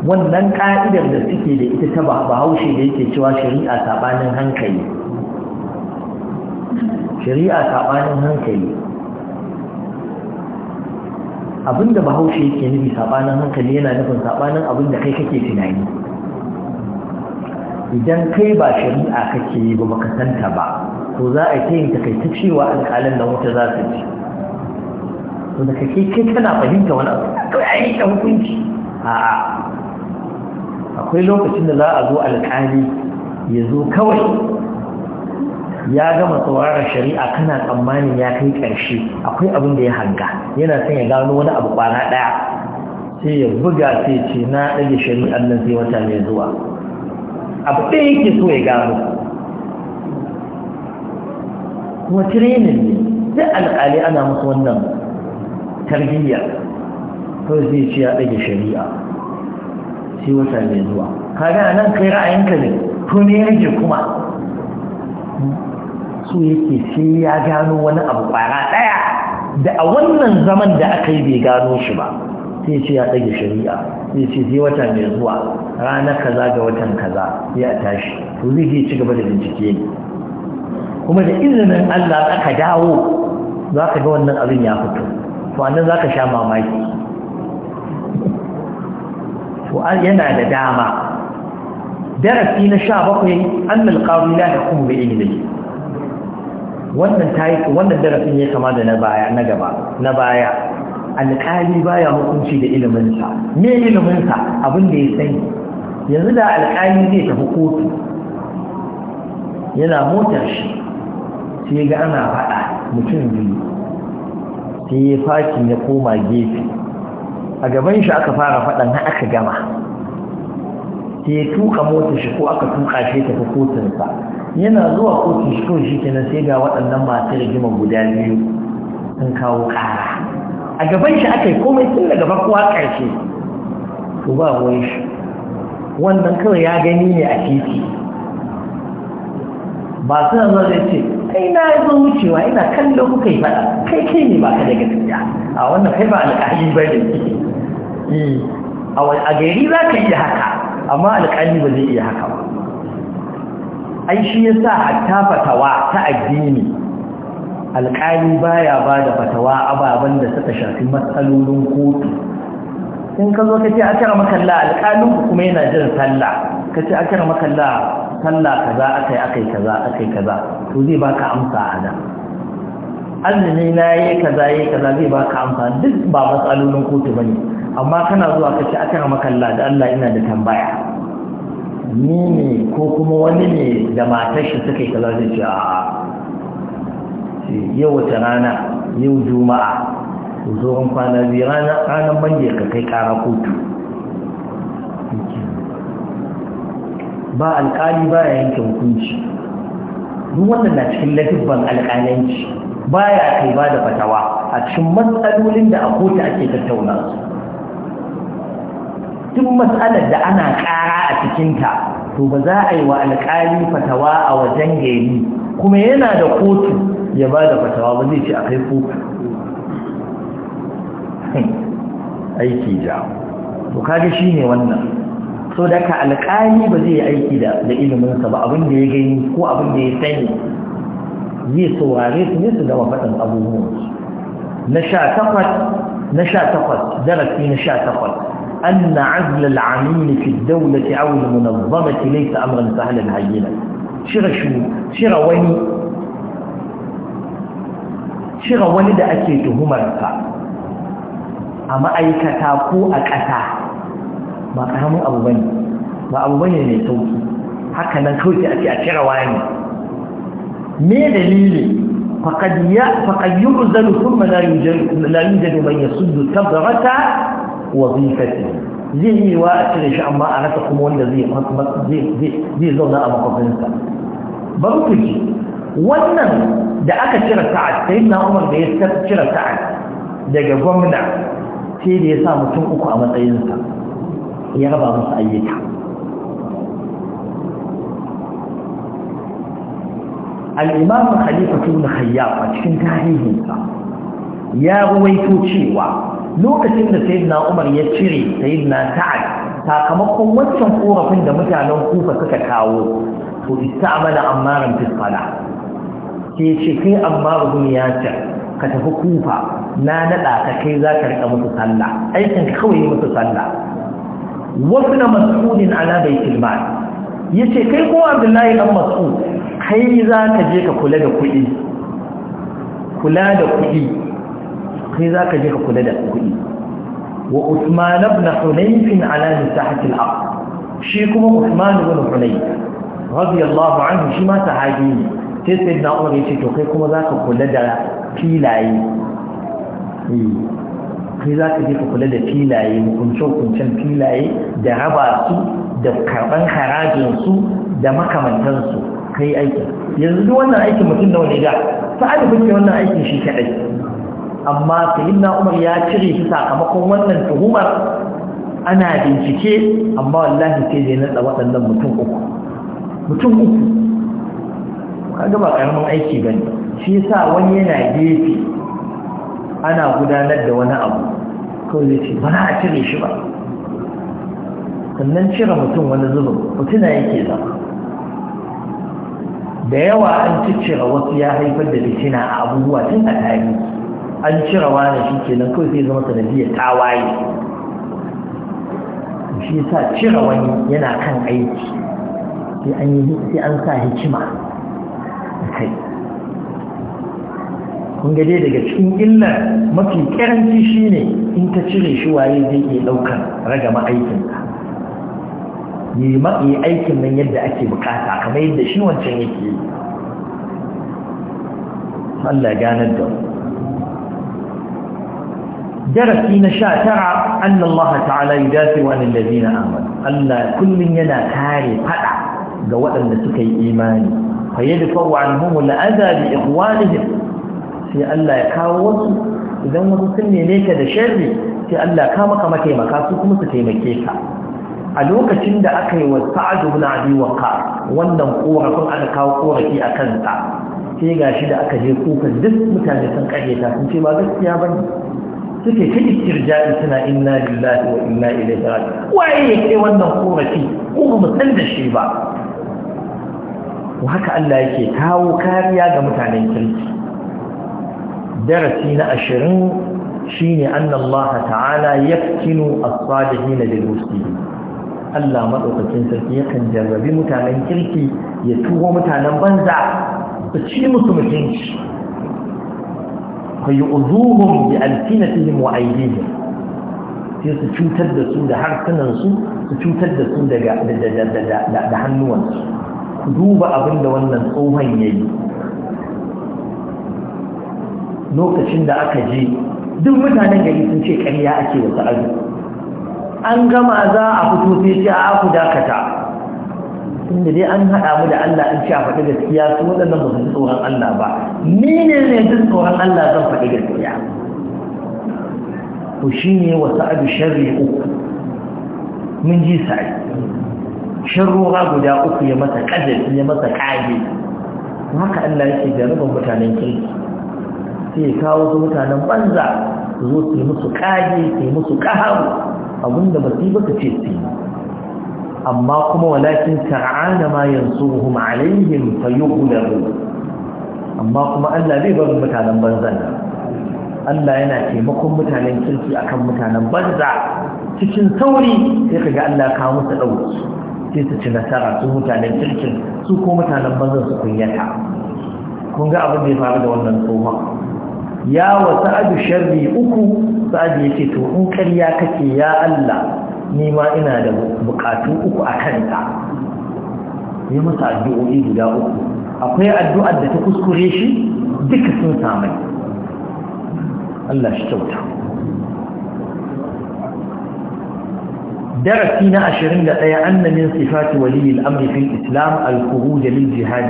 wannan ka'idar da suke da ita ta bahaushe da yake cewa shari'a saɓanin hankali shari'a saɓanin hankali abinda bahaushe yake nufi saɓanin hankali yana nufin saɓanin abinda kai kake tunani idan kai ba shari'a kake yi ba baka santa ba to za a ta yin ta cewa da wuta za su ci to da kake kai kana fahimta wani abu kawai a yi ta hukunci a'a akwai lokacin da za a zo alƙali ya zo kawai ya gama tsawarar shari'a kana tsammanin ya kai ƙarshe akwai abin da ya hanga yana son ya gano wani abu kwana ɗaya sai ya buga sai ce na ɗage shari'ar nan sai wata mai zuwa abu ɗaya yake so ya gano kuma tirenin ne duk alƙali ana musu wannan tarbiyyar kawai zai ce ya ɗage shari'a sai wata mai zuwa kaga a nan kai ra'ayinka ne to ne yake kuma su yake sai ya gano wani abu kwara ɗaya da a wannan zaman da aka yi bai gano shi ba sai ce ya ɗage shari'a sai ce sai wata mai zuwa ranar kaza ga watan kaza ya tashi to zai ci gaba da bincike ne kuma da izinin Allah aka dawo za ka ga wannan abin ya fito to annan za ka sha mamaki to yana da dama darasi na sha bakwai an alƙaru da kuma bai ilmi wannan wannan darasin ya kama da na baya na gaba na baya alƙali baya hukunci da ilimin me ilimin abin da ya sani yanzu da alƙali zai tafi kotu yana motar shi sai ga ana faɗa mutum biyu sai ya fakin ya koma gefe a gaban shi aka fara faɗan har aka gama ke tuka mota shi ko aka tuka shi tafi kotunsa yana zuwa kotun shi kawai shi kenan sai ga waɗannan masu rigima guda biyu sun kawo ƙara a gaban shi aka yi komai tun daga farkowa ƙarshe to ba ruwan shi wannan kawai ya gani ne a titi ba suna zuwa zai ce kai na zo wucewa ina kallo kuka yi fada kai kai ne ba ka da gaskiya a wannan kai ba alƙali ba da eh, ke a gari za ka iya haka amma alƙali ba zai iya haka ba ai shi ya sa hatta fatawa ta addini alƙali baya ba da fatawa ababen da suka shafi matsalolin kotu in ka zo ka ce a kira makalla alƙalin kuma yana jin sallah ka ce a kira makalla sallah kaza akai akai kaza akai kaza to zai baka amsa a nan azumi na yi kaza yi kaza zai baka amsa duk ba matsalolin kotu bane amma kana zuwa kace akan makalla da Allah ina da tambaya ni ne ko kuma wani ne da matar shi suka yi kaza zai ce a yau wata rana yau juma'a zuwan kwana biyu rana ranar banje ka kai kara kotu ba alƙali ba ya yanke hukunci duk wannan na cikin ladibban alƙalanci ba ya kai ba da fatawa a cikin matsalolin da a kotu ake tattauna su duk matsalar da ana ƙara a cikinta to ba za a yi wa alƙali fatawa a wajen gari kuma yana da kotu ya ba da fatawa ba zai ce a kai kotu aiki ja to kaga shine wannan so ka alƙali ba zai yi aiki da iliminsa ba abin da ya gani ko abin da ya sani zai saurare su ne su gama faɗin abubuwan na sha takwas na sha takwas darasi na sha takwas an na azlal amini fi daulati aw al munazzamati laysa amran sahlan hayyina shira shu shira wani shira wani da ake tuhumar sa a ma'aikata ko a ƙasa ba karamin abu bane ba abu bane mai sauki haka nan kawai a ce a cire wani me dalili faqad ya faqad yuzalu thumma la yujadu la yujadu man yasuddu tabrata wazifati zai yi wa a cire shi amma a rasa kuma wanda zai zai zauna a makwabinsa bari ku ji wannan da aka cire sa'ad sai na umar da ya cire sa'ad daga gwamna sai da ya sa mutum uku a matsayinsa ya raba musu ayyuka al'imamu khalifatu na khayyar cikin tarihinsa ya ruwaito cewa lokacin da sayidina umar ya cire sayidina ta'ad sakamakon wancan korafin da mutanen kufa suka kawo to ista'amala ammaran fisqala sai ce kai amma ibn yasir ka tafi kufa na naɗa ka kai za ka rika musu sallah aikin kawai musu sallah وابن مسعود على بيت المال yace kai ko Abdullahi dan Mas'ud kai za ka je ka kula da kuɗi kula da kuɗi kai za ka je ka kula da kuɗi wa Uthman ibn Hunayf ala nisahat al-aqd shi kuma Uthman ibn Hunayf radiyallahu anhu shi ma sahabi ne sai sayyidina Umar yace to kai kuma za ka kula da filaye kai za ka je ka kula da filaye hukunce-hukuncen filaye da raba su da karɓar harajinsu da makamantansu kai aiki yanzu duk wannan aikin mutum da wani da sa'adu kuke wannan aikin shi kaɗai amma na umar ya cire shi sakamakon wannan tuhumar ana bincike amma wallahi sai da nasa waɗannan mutum uku mutum uku ga ba karamin aiki ba ne. shi yasa wani yana gefe ana gudanar da wani abu kawai zai ce ba na a cire shi ba sannan cire mutum wani zubin mutuna yake zama da yawa an cire wasu ya haifar da fitina a abubuwa tun a tarihi an cire wani shi ke nan kawai sai zama sanadiyya ta waye, shi sa cire wani yana kan aiki sai an sa hikima a kai kunga gade daga cikin illar mafi karanci shine in ta cire shi waye zai iya daukar ragama aikin yi aikin nan yadda ake bukata kamar yadda shi wancan yake yi Allah ganar da darasi na sha tara an Allah ta'ala yi dafi wa lalazina amal Allah kullum yana kare fada ga waɗanda suka yi imani fa yadda fawa la'aza bi ikwanihim sai Allah ya kawo wasu idan wasu sun neme ka da sharri sai Allah ka maka mataimaka su kuma su taimake ka a lokacin da aka yi wa na ibn abi wannan korafin aka kawo korafi a kansa sai ga shi da aka je kuka duk mutane sun ta sun ce ba gaskiya bane suke ta istirja'i suna inna lillahi wa inna ilaihi raji'un waye yake wannan korafi ko ba mu san da shi ba haka Allah yake kawo kariya ga mutanen kirki darasi na ashirin shine anna Allah ta'ala yaftinu as-salihin lil muslimin Allah madaukakin sarki yakan jarrabi mutanen kirki ya tuho mutanen banza su ci musu mutunci yi yu'zuhum bi alsinatihim wa aydihim sai su cutar da su da harsunansu, su cutar da su daga da hannuwansu ku duba abin da wannan tsohon yayi lokacin da aka je duk mutanen gari sun ce ƙarya ake wa sa'adu an gama za a fito sai ce a ku dakata inda dai an haɗa mu da Allah in ce a faɗi gaskiya su waɗannan ba su ji tsoron Allah ba ni ne ne jin tsoron Allah zan faɗi gaskiya to shi ne wa sa'adu sharri uku mun ji sa'i sharrora guda uku ya masa ƙadar ya masa ƙage haka Allah yake jarabar mutanen kirki sai ya kawo su mutanen banza su zo su yi musu kage su yi musu kaharu abinda ba su yi ba su ce su amma kuma walakin ta'ala ma yansuruhum alaihim hularu. amma kuma Allah zai bar mutanen banza nan Allah yana taimakon mutanen kirki akan mutanen banza cikin sauri sai kaga Allah ka musu dauki sai su ci nasara su mutanen kirkin su ko mutanen banza su kunyata kun ga abin da ya faru da wannan tsohon ya wa sa'adu sharri uku sa'adu ya ce to in karya kake ya Allah ni ma ina da bukatu uku a kanta ya masa addu'o'i guda uku akwai addu'ar da ta kuskure shi duka sun samai Allah shi kyauta darasi na 21 anna min sifati waliyil amri islam al-khuruj lil jihad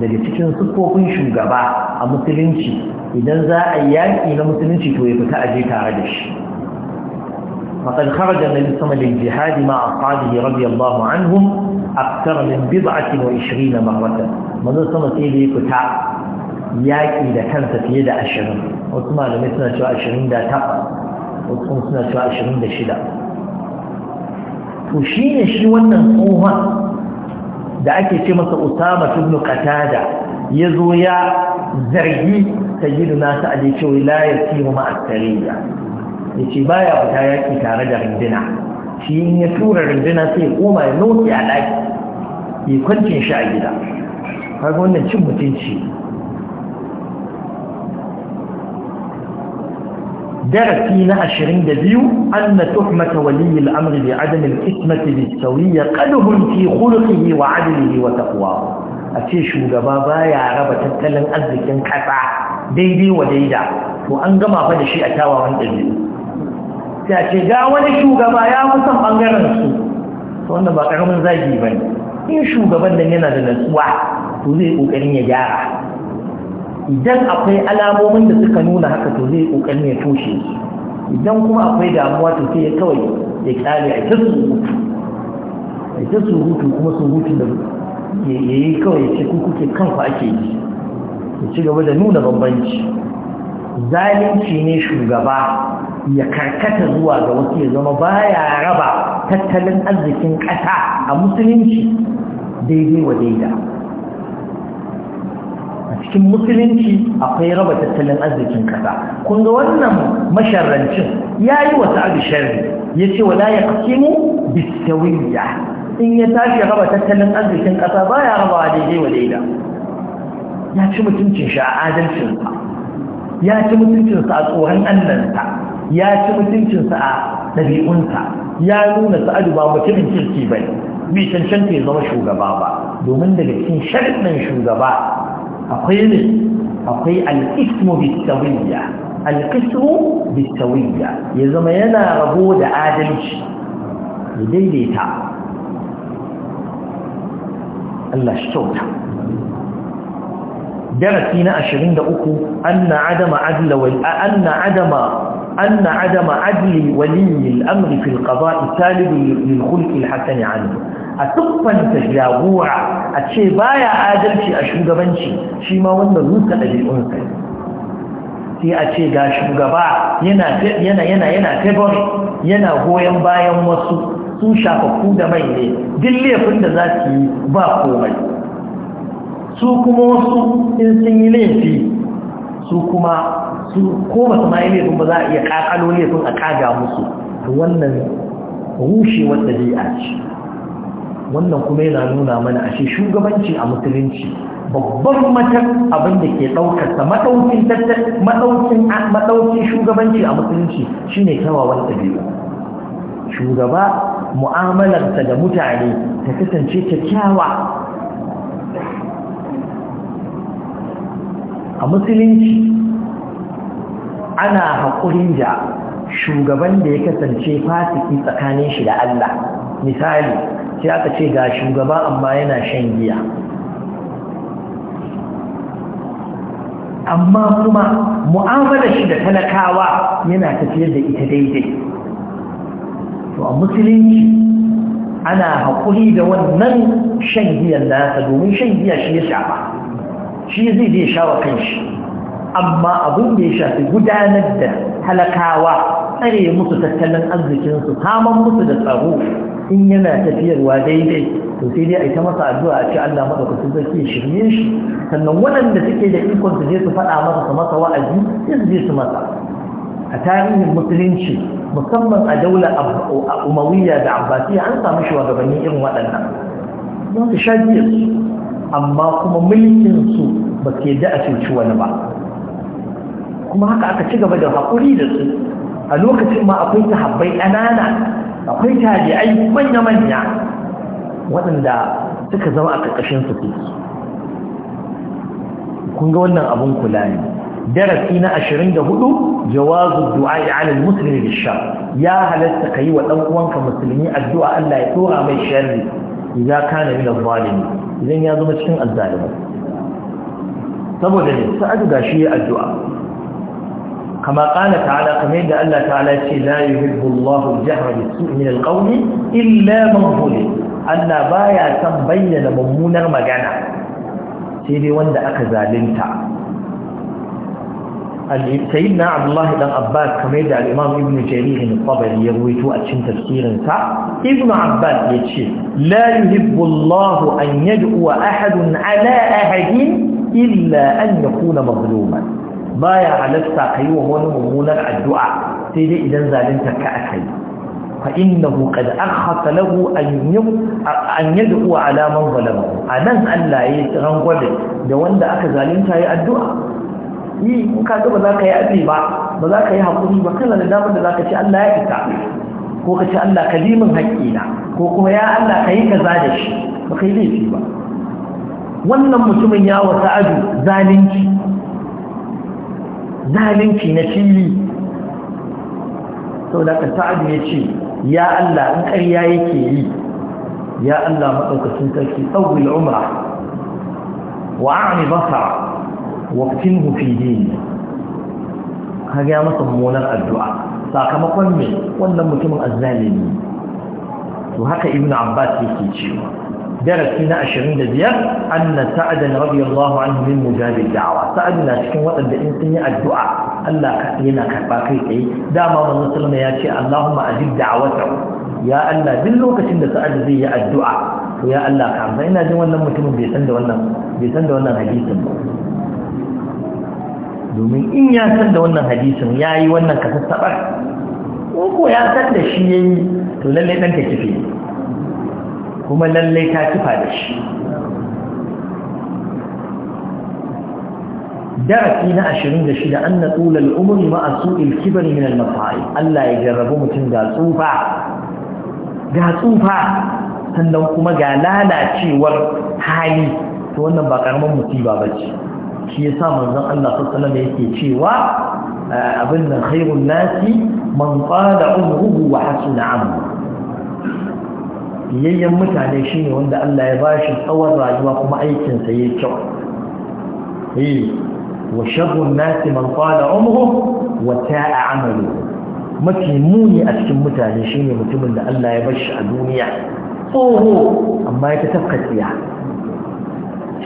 daga cikin siffofin shugaba a musulunci idan za a yaƙi na musulunci to ya fita a je tare da shi matsar da na musamman da jihadi ma a faɗi ya rabi Allah an hun a min biyu a cikin ashirin na mahawatar mazan sama sai da ya fita yaƙi da kansa fiye da ashirin wasu malamai suna cewa ashirin da ta wasu kuma suna cewa ashirin da shida to shi shi wannan tsohon da ake ce masa usama tun da ya zo ya zargi sayyiduna sa'ali cewa la yasiru ma'a sariya yace baya fita yaki tare da rindina shi in ya tura rindina sai ya koma ya noki a daki yi kwancin shi a gida kaga wannan cin mutunci درسي لعشرين دبيو أن تحمة ولي الأمر بعدم الإثمة بالسوية قدهم في خلقه وعدله وتقواه a ce shugaba baya raba tattalin arzikin kasa daidai wa daida to an gama fa da shi a tawawan ɗari. Ya ce ga wani shugaba ya kusan ɓangaren su to wanda ba ƙaramin zagi ba ne in shugaban nan yana da natsuwa to zai ƙoƙarin ya gyara idan akwai alamomin da suka nuna haka to zai ƙoƙarin ya toshe idan kuma akwai damuwa to sai ya kawai ya kyale a ta surutu a surutu kuma surutu da ya yi kawai ce kuke kanfa ake yi ya ci gaba da nuna bambanci zalunci ne shugaba ya karkata zuwa ga wasu ya zama baya raba tattalin arzikin ƙasa a musulunci daidai wa daida a cikin musulunci akwai raba tattalin arzikin ƙasa kun ga wannan masharrancin ya yi wasu abu sharri ya ce wala ya kasimu bisawiyya in ya tashi raba tattalin arzikin ƙasa ba ya raba daidai wa daida ya ci mutuncin shi a adalcinsa ya ci mutuncinsa a tsoron allansa ya ci mutuncinsa a ɗabi'unsa ya nuna sa'adu ba mutumin kirki bai bai cancanta ya zama shugaba ba domin daga cikin sharɗin shugaba akwai ne akwai al'ismu bitawiyya al'ismu bitawiyya ya zama yana rabo da adalci ya daidaita Allah shi kyauta darasi na 23 anna adama anna adama adli waliyyil al-amr fi al lil al a tuffanta jagora a ce baya adalci a shugabanci shi ma wannan rusa ɗabi'unsa sai a ce ga shugaba yana yana yana yana goyon bayan wasu su shafafu da mai ne duk laifin da za su yi ba komai su kuma wasu in sun yi laifi su kuma su ko ba su mai laifin ba za a iya kakalo laifin a kaga musu wannan rushe rushewar ɗabi'a ce wannan kuma yana nuna mana ashe shugabanci a musulunci babban matan abin da ke ɗaukarsa maɗaukin shugabanci a musulunci shine kyawawan ɗabi'u shugaba mu'amalarsa da mutane ta kasance kyakkyawa a musulunci ana haƙurin da shugaban da ya kasance fasiki tsakanin shi da Allah misali sai aka ce ga shugaba amma yana shan giya amma kuma mu'amalar shi da talakawa yana tafiyar da ita daidai to a musulunci ana haƙuri da wannan shan giyan nasa domin shan giya shi ya shafa shi zai zai shawa shi. amma abin da ya shafi gudanar da talakawa tsare musu tattalin arzikinsu haman musu da tsaro in yana tafiyarwa daidai to sai dai a yi ta masa addu'a a ce Allah madaukakin sarki shirye shi sannan waɗanda suke da ikon su je su faɗa masa su masa wa'azi sai su je su masa a tarihin musulunci musamman a a umawiyya da abbasiya an samu shugabanni irin waɗannan don su sha su amma kuma mulkin su ba su yadda a cuci wani ba kuma haka aka ci gaba da haƙuri da su a lokacin ma akwai habbai ƙanana akwai tabi'ai manya-manya waɗanda suka zama a ƙarƙashin su kun ga wannan abun kula ne darasi na 24 jawazu du'a ala al-muslimi Bisha ya halatta kai wa dan uwanka musulmi addu'a Allah ya dora mai sharri idan kana min zalimi idan ya zama cikin azzalimi saboda ne sa'adu gashi ya addu'a kama qala ta'ala kamar yadda Allah ta'ala ce la yuhibbu Allahu al-jahra bis-su'i min al-qawli illa man zulim Allah baya san bayyana mummunar magana sai dai wanda aka zalunta sayin na abdullahi dan abbas kamar yadda al'imam ibn jaririn tabari ya ruwaito a cikin tafsirinsa ibn abbas ya ce la yuhibbu allah an yad'a ala ahad illa an kuna mazluman baya halatta kayi wa wani mummunar addu'a sai dai idan zalunta ka akai fa innahu qad akhata lahu an yum an yad'a ala man zalama anan allah da wanda aka zalunta yi addu'a yi in ka ga ba za ka yi abi ba ba za ka yi haƙuri ba kana da damar da za ka ce Allah ya isa ko ka ce Allah ka limin haƙƙina ko kuma ya Allah ka yi kaza da shi ba ka yi laifi ba wannan mutumin ya wata adu zalunci zalunci na fili sau da ka ta'adu ya ce ya Allah in ƙarya yake yi ya Allah maɗaukacin sarki tsawil umra wa'ani basara waqtinhu fi dini ka ga masa mummunar addu'a sakamakon me wannan mutumin azzalimi to haka ibnu abbas yake cewa darasi na 25 anna sa'ad radiyallahu anhu min mujabid da'wa sa'ad na cikin wadanda in sun yi addu'a Allah yana karba kai tsaye dama manzon sallama ya ce Allahumma ajib da'watahu ya Allah duk lokacin da sa'ad zai yi addu'a to ya Allah ka amsa, ina jin wannan mutumin bai san da wannan bai san da wannan hadisin ba domin in ya san da wannan hadisin ya yi wannan kasassabar ko ya san da shi ya yi to lallai ta kife kuma lallai ta kifa da shi darasi na ashirin da shida an na tsulal umuri ma'asu ilkibari min almasai Allah ya jarrabu mutum ga tsufa ga tsufa sannan kuma ga lalacewar hali to wannan ba karamin musiba ba ce shi yasa manzon Allah sallallahu yake cewa eh, abin nan khairun nasi man qala umruhu wa hasuna amru biyayyen mutane shine wanda Allah ya bashi tsawon rayuwa kuma aikin sa kyau eh wa sharrun nasi man qala umruhu wa ta'a amalu. mafi muni a cikin mutane shine mutumin da Allah ya bashi a duniya tsoho amma ya ta tafka tsiya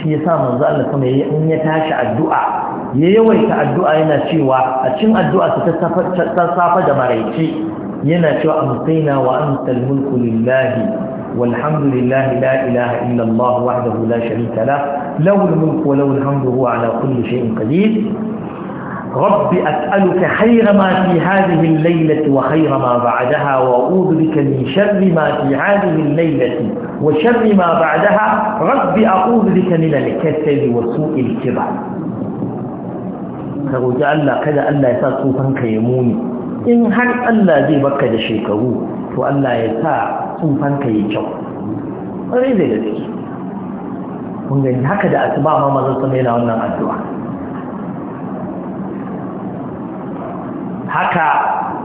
shi yasa sa manzo Allah kuma ya in ya tashi addu'a ya yawaita addu'a yana cewa a cikin addu'a ta safa safa da maraici yana cewa amsayna wa antal mulku lillahi walhamdulillahi la ilaha illallah Allah wahdahu la sharika lahu lahu mulku wa lahu al-hamdu huwa ala kulli shay'in qadir رب أسألك خير ما في هذه الليلة وخير ما بعدها وأعوذ بك من شر ما في هذه الليلة وشر ما بعدها رب أعوذ بك من الكسل وسوء الكبر فرجع الله كذا ألا يسعى صوفا كيموني إن هل ألا دي بك دا فألا يسعى صوفا كيشو وغير ذلك وإن هكذا أسباب ما مزلت ميلا وننا أدوان haka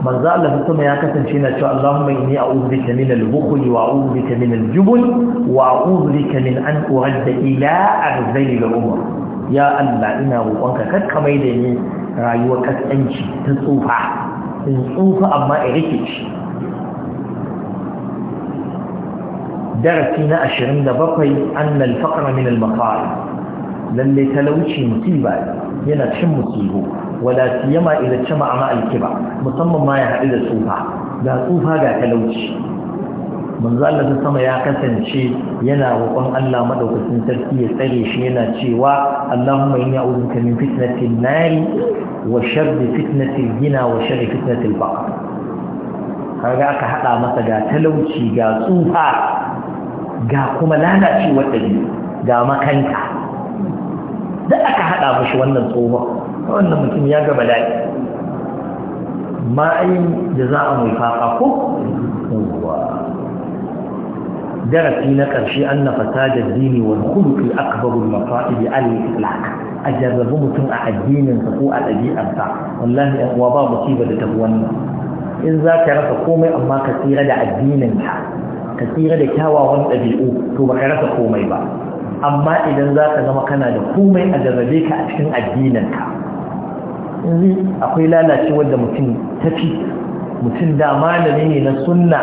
manzo Allah kuma ya kasance na cewa Allahumma inni a'udhu bika min al bukhli wa a'udhu bika min al-jubn wa a'udhu bika min an uradda ila arzil al-umr ya Allah ina roƙonka kar ka mai da ni rayuwar kasanci ta tsufa in tsufa amma a rike shi darasi na 27 anna al-faqra min al-maqal lalle talauci musiba yana cin musibo wala siyama idan cama ama alkiba musamman ma ya haɗu da tsufa ga tsufa ga talauci manzo Allah ta sama ya kasance yana roƙon Allah madaukakin sarki ya tsare shi yana cewa Allahumma inni a'udhuka min fitnatil nari wa sharri fitnatil gina wa sharri fitnatil baqa kaga aka hada masa ga talauci ga tsufa ga kuma lalacewa dabi'u ga makanta da aka hada mishi wannan tsohon wannan mutum ya gaba bala'i ma'ayin da za a mai fafa ko darasi na ƙarshe an na fata da dini wani kuluki akabarun mafa'i da al-islam a jarrabu mutum a addininsa ko a ɗabi'arsa wallahi yan uwa ba musiba da tafi wannan in za ka rasa komai amma ka tsira da addininka ka tsira da kyawawan ɗabi'u to ba ka rasa komai ba amma idan za ka zama kana da komai a jarrabe ka a cikin ka yanzu akwai lalacewar da mutum tafi mutum da malami ne na sunna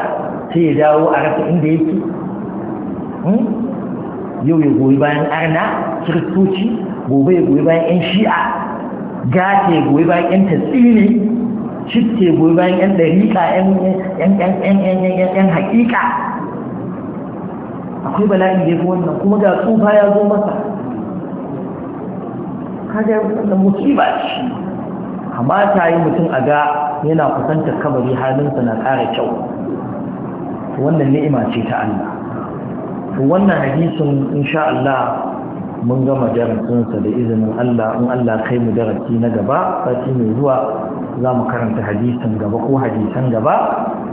sai ya dawo a rasa inda yake hmm? yau ya goyi bayan arna kiristoci gobe ya goyi bayan 'yan shi'a gata ya goyi bayan 'yan tatsini citte ya goyi bayan 'yan ɗariƙa 'yan haƙiƙa akwai bala'i da ya fi wannan kuma ga tsufa ya zo masa kaga wannan musiba ce kamata yi mutum a ga yana kusantar kabari halinsa na ƙara kyau wannan ni'ima ce ta Allah to wannan hadisin insha Allah mun gama darasinsa da izinin Allah in Allah kai mu darasi na gaba sati mai zuwa za mu karanta hadisin gaba ko hadisan gaba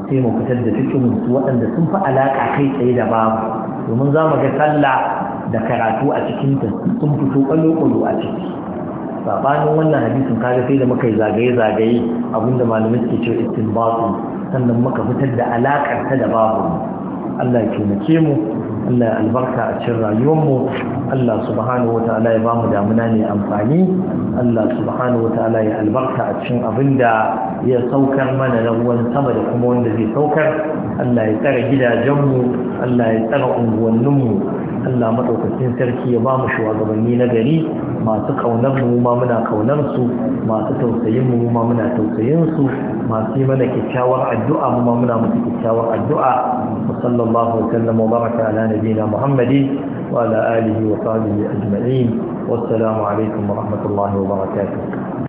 sai mu fitar da cikin waɗanda sun fi alaƙa kai tsaye da babu domin za mu ga sallah da karatu a cikin ta sun fito ƙwallo-ƙwallo a ciki sabanin wannan hadisin kaga sai da muka yi zagaye-zagaye abinda malamai suke cewa istinbatu sannan muka fitar da alakar ta da babu Allah ya taimake mu Allah ya albarka a cikin rayuwarmu Allah subhanahu wa ta'ala ya bamu damuna ne amfani Allah subhanahu wa ta'ala ya albarka a cikin abinda ya saukar mana na ruwan sama da kuma wanda zai saukar Allah ya gidajen gidajenmu Allah ya tsara mu. Allah madaukakin sarki ya bamu shugabanni na gari masu kaunar mu ma muna kaunar su masu tausayin mu ma muna tausayin su masu mana kyakkyawar addu'a mu ma muna musu kyakkyawar addu'a wa sallallahu sallam wa baraka ala nabiyina muhammadi wa ala alihi wa sahbihi ajma'in wassalamu alaikum wa rahmatullahi wa barakatuh